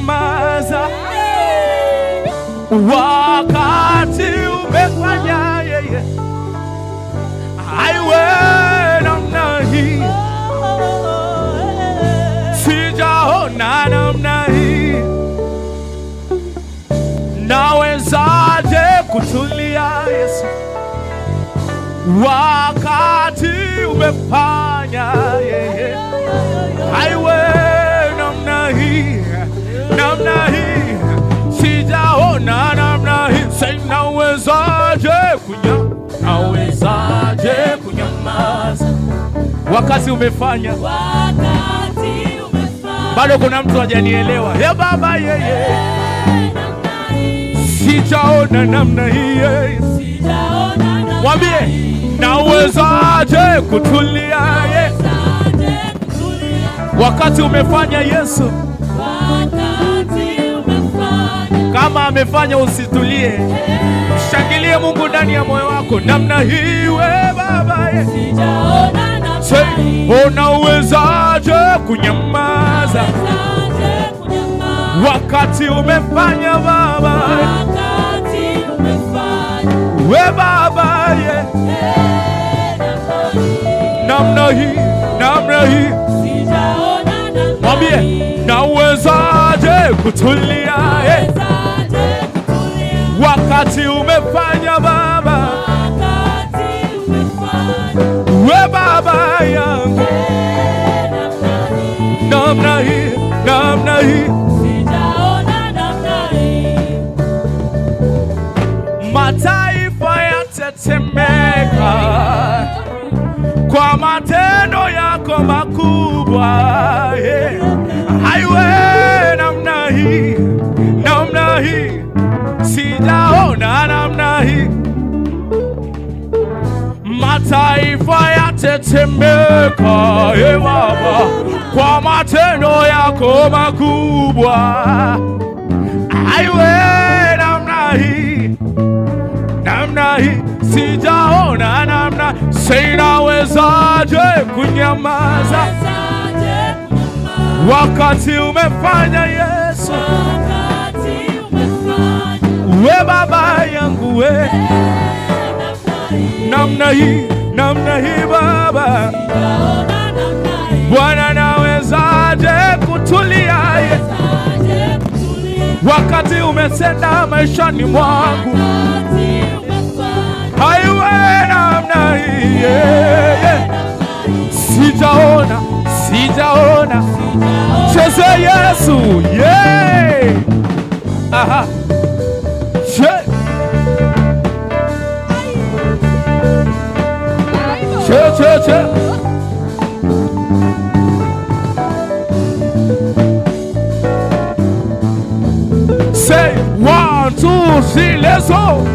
kunyamaza, wakati umefanya yeye aiwe namna hii, sijaona namna hii, nawezaje kutulia Yesu wakati umefanya yeye aiwe Wakati umefanya, bado kuna mtu hajanielewa. Ye Baba ee, yeye, sijaona namna hiye, wambie nawezaje kutulia ye, wakati umefanya Yesu kama amefanya usitulie, ee. mshangilie Mungu ndani ya moyo wako, namna hiwe Baba ye unawezaje kunyamaza wakati umefanya Baba we Baba ye namna hii namna hii mwambie nawezaje kutulia wakati umefanya kubwa yeah. Haiwe namna hii, namna hii sijaona namna hii, mataifa yatetemeka ye kwa matendo yako makubwa. Haiwe namna hii, namna hii sijaona namna, sinawezaje kunyamaza wakati umefanya Yesu we baba yangu we namna hii namna hii Baba Bwana, nawezaje kutulia wakati umetenda maishani mwangu hayuwe namna hii yeah. Sijaona, sijaona, cheze Yesu yeah. Aha. Che, che, che. Say one, two, three, let's go.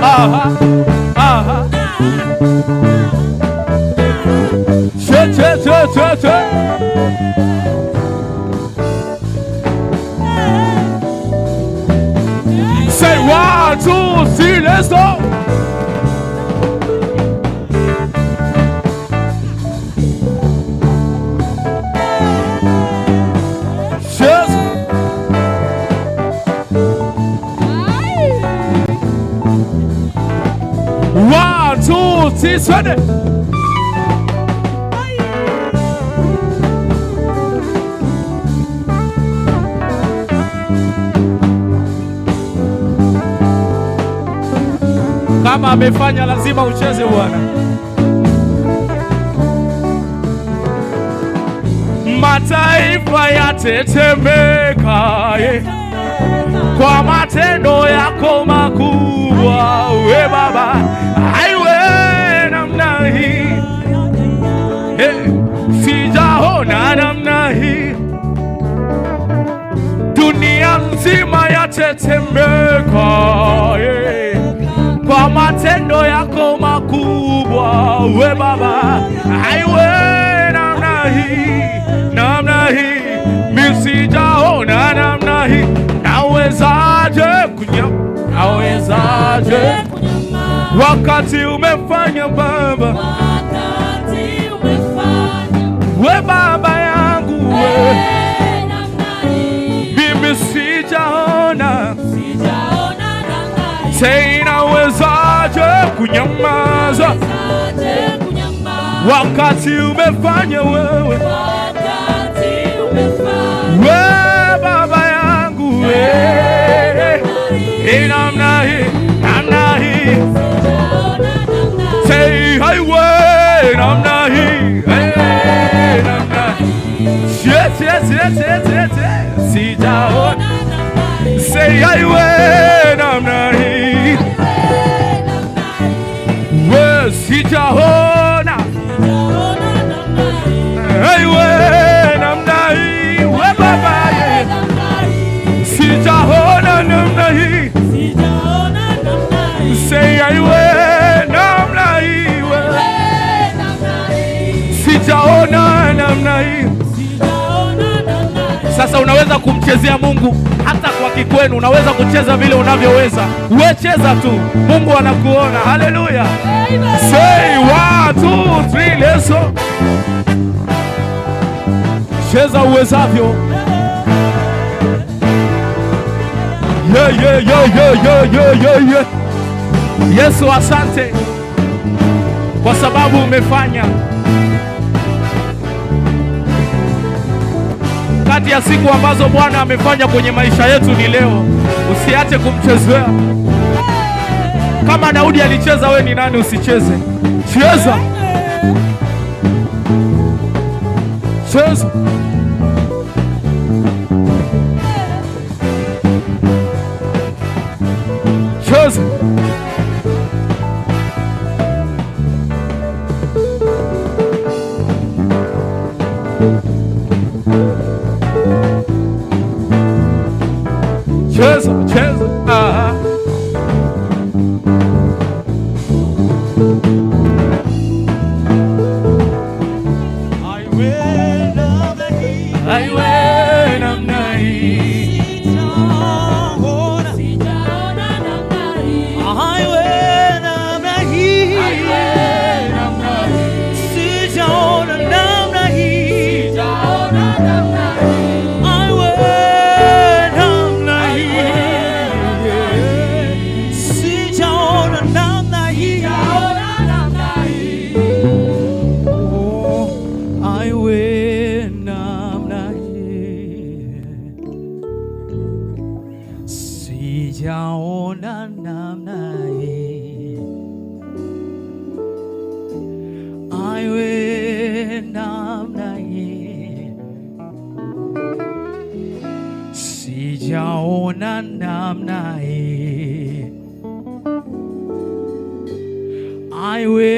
啊哈啊哈！走走走走走！谁挖出心人手？Polisi kama amefanya, lazima ucheze bwana. Mataifa yatetemekaye kwa matendo yako makubwa, we Baba sijaona namna hii, dunia nzima yatetemeka kwa matendo yako makubwa, we Baba, aiwe namna hii, namna hii, misijaona namna hii, nawezaje kunyama, nawezaje wakati umefanya Baba kunyamaza, wakati umefanya wewe, we baba yangu, we namna hii, namna hii, say highway, namna hii, namna hii, yes, yes, yes, yes sijaona namna hii. Sasa unaweza kumchezea Mungu hata kwa kikwenu, unaweza kucheza vile unavyoweza. wecheza cheza tu, Mungu anakuona. Haleluya, say one two three, cheza uwezavyo. yeah, yeah, yeah, yeah, yeah, yeah, yeah, yeah. Yesu, asante kwa sababu umefanya Kati ya siku ambazo Bwana amefanya kwenye maisha yetu ni leo. Usiache kumchezea. Kama Daudi alicheza, we ni nani usicheze? Cheza. Cheza. na ye, sijaona namna ye, si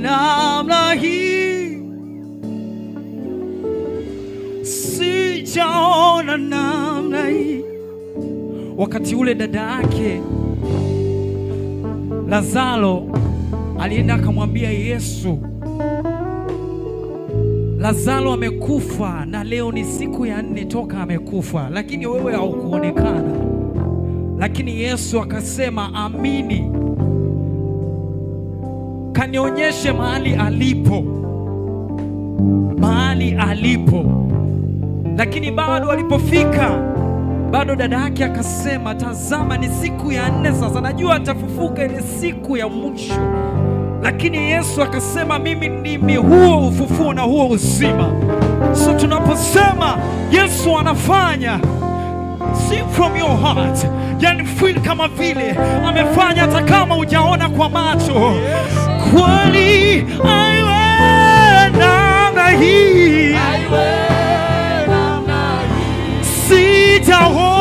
namna hii, nam na ye Wakati ule dada yake Lazaro alienda akamwambia Yesu Lazaro amekufa na leo ni siku ya nne toka amekufa, lakini wewe haukuonekana. Lakini Yesu akasema, amini, kanionyeshe mahali alipo, mahali alipo. Lakini bado alipofika bado dada yake akasema, tazama, ni siku ya nne sasa, najua atafufuka ile siku ya mwisho. Lakini Yesu akasema mimi ndimi huo ufufuo na huo uzima. So tunaposema Yesu anafanya Sing from your heart, yani feel kama vile amefanya hata kama hujaona kwa macho. Kweli aiwe namna hii, sijaona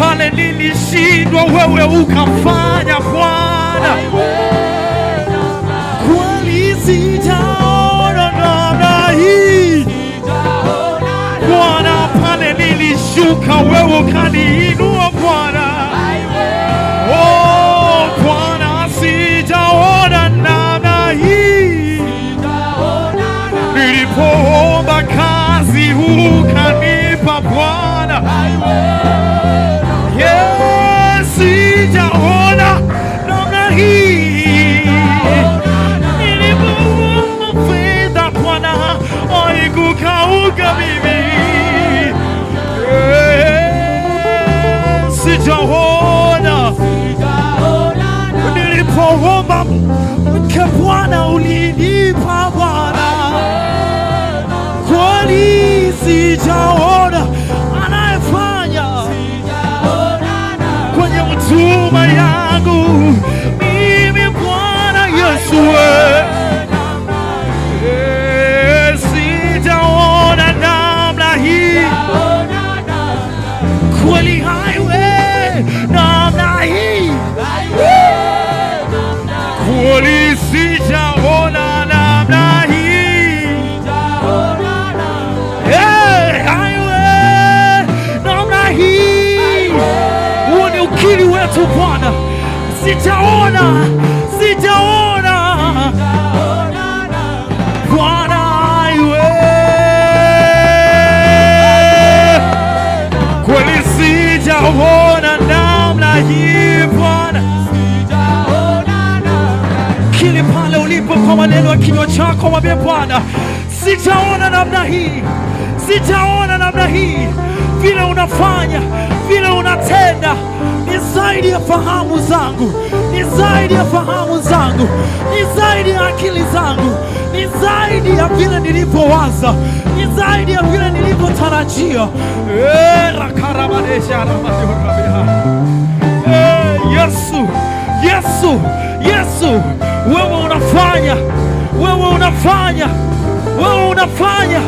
pale nilishindwa, wewe ukafanya Bwana, kweli sijaona namna hii Bwana, pale nilishuka, wewe ukaniinua naomba mke Bwana, ulinipa Bwana kweli, sijaona anayefanya kwenye mtuma yangu mimi Bwana Yesu. wewe Kaburi sijaona namna hii, namna hii. Huo ni ukiri wetu Bwana, sijaona maneno ya kinywa chako, mwambie Bwana, sitaona namna hii, sitaona namna hii, vile unafanya vile unatenda ni zaidi ya fahamu zangu, ni zaidi ya fahamu zangu, ni zaidi ya akili zangu, ni zaidi ya vile nilivyowaza, ni zaidi ya vile nilivyotarajia. Ee, eh, rakaramadesha ramadukabeha eh, Yesu unafanya, wewe unafanya,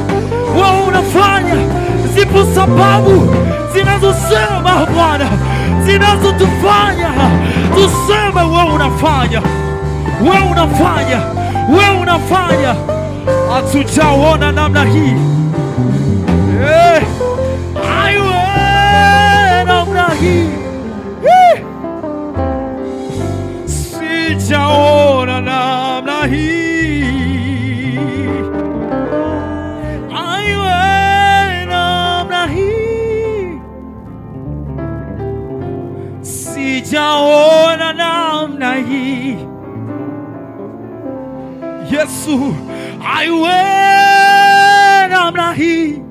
wewe unafanya. Zipo sababu zinazosema Bwana, zinazotufanya tuseme wewe unafanya, wewe unafanya, wewe unafanya. Hatujaona namna hii hey. Eh, Aiwe namna hii hey. Sijaona namna hii Yesu aiwe namna hii,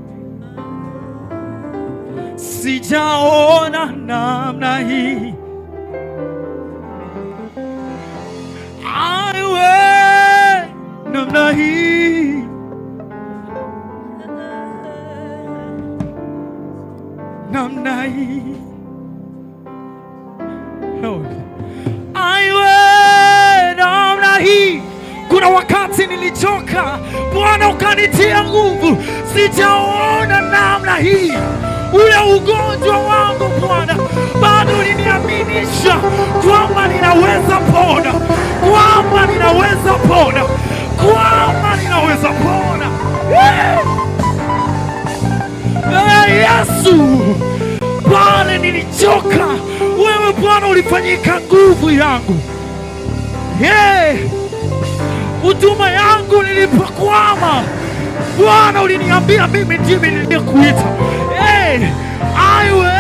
sijaona namna hii, aiwe namna hii, namna hii umenitia nguvu, sitaona namna hii. Ule ugonjwa wangu Bwana, bado uliniaminisha kwamba ninaweza pona, kwamba ninaweza pona, kwamba ninaweza pona. Hey, ee! ee, Yesu pale nilichoka, wewe Bwana ulifanyika nguvu yangu. Ee! Hey, Utuma yangu nilipokwama Bwana, uliniambia mimi ndimi niliyekuita. Hey, aiwe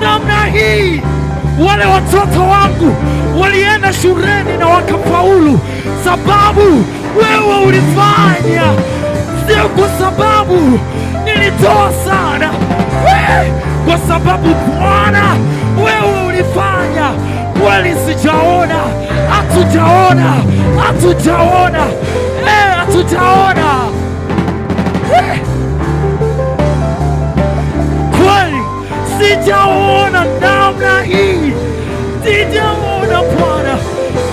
namna hii. Wale watoto wangu walienda shuleni na wakafaulu, sababu wewe ulifanya, sio kwa sababu nilitoa sana, kwa sababu Bwana wewe ulifanya. Kweli sijaona, hatujaona, hatujaona tutaona eh. Kweli sitaona namna hii, sitaona Bwana,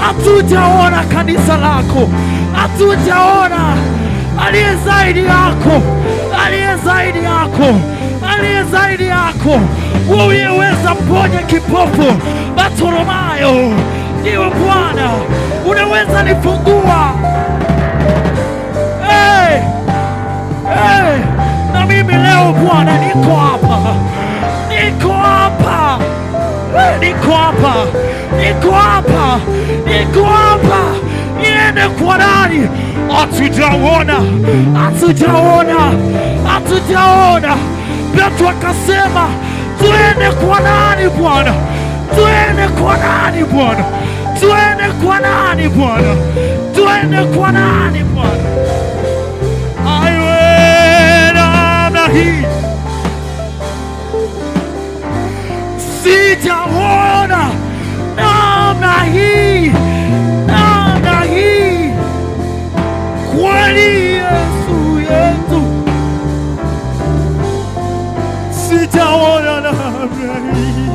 hatutaona kanisa lako, hatutaona aliye zaidi yako, aliye zaidi yako, aliye zaidi yako, uliyeweza mponya kipofu Bartimayo. Ndiwe Bwana, unaweza nifungua Hey, na mimi leo Bwana niko hapa, niko hapa, niko hapa, niko hapa, niko hapa, niende kwa nani? Hatujaona, hatujaona, hatujaona. Petro akasema tuende kwa nani Bwana? Tuende kwa nani Bwana? Tuende kwa nani Bwana? Tuende kwa nani? hii sijaona namna hii, namna hii kweli. Yesu yetu, sijaona namna hii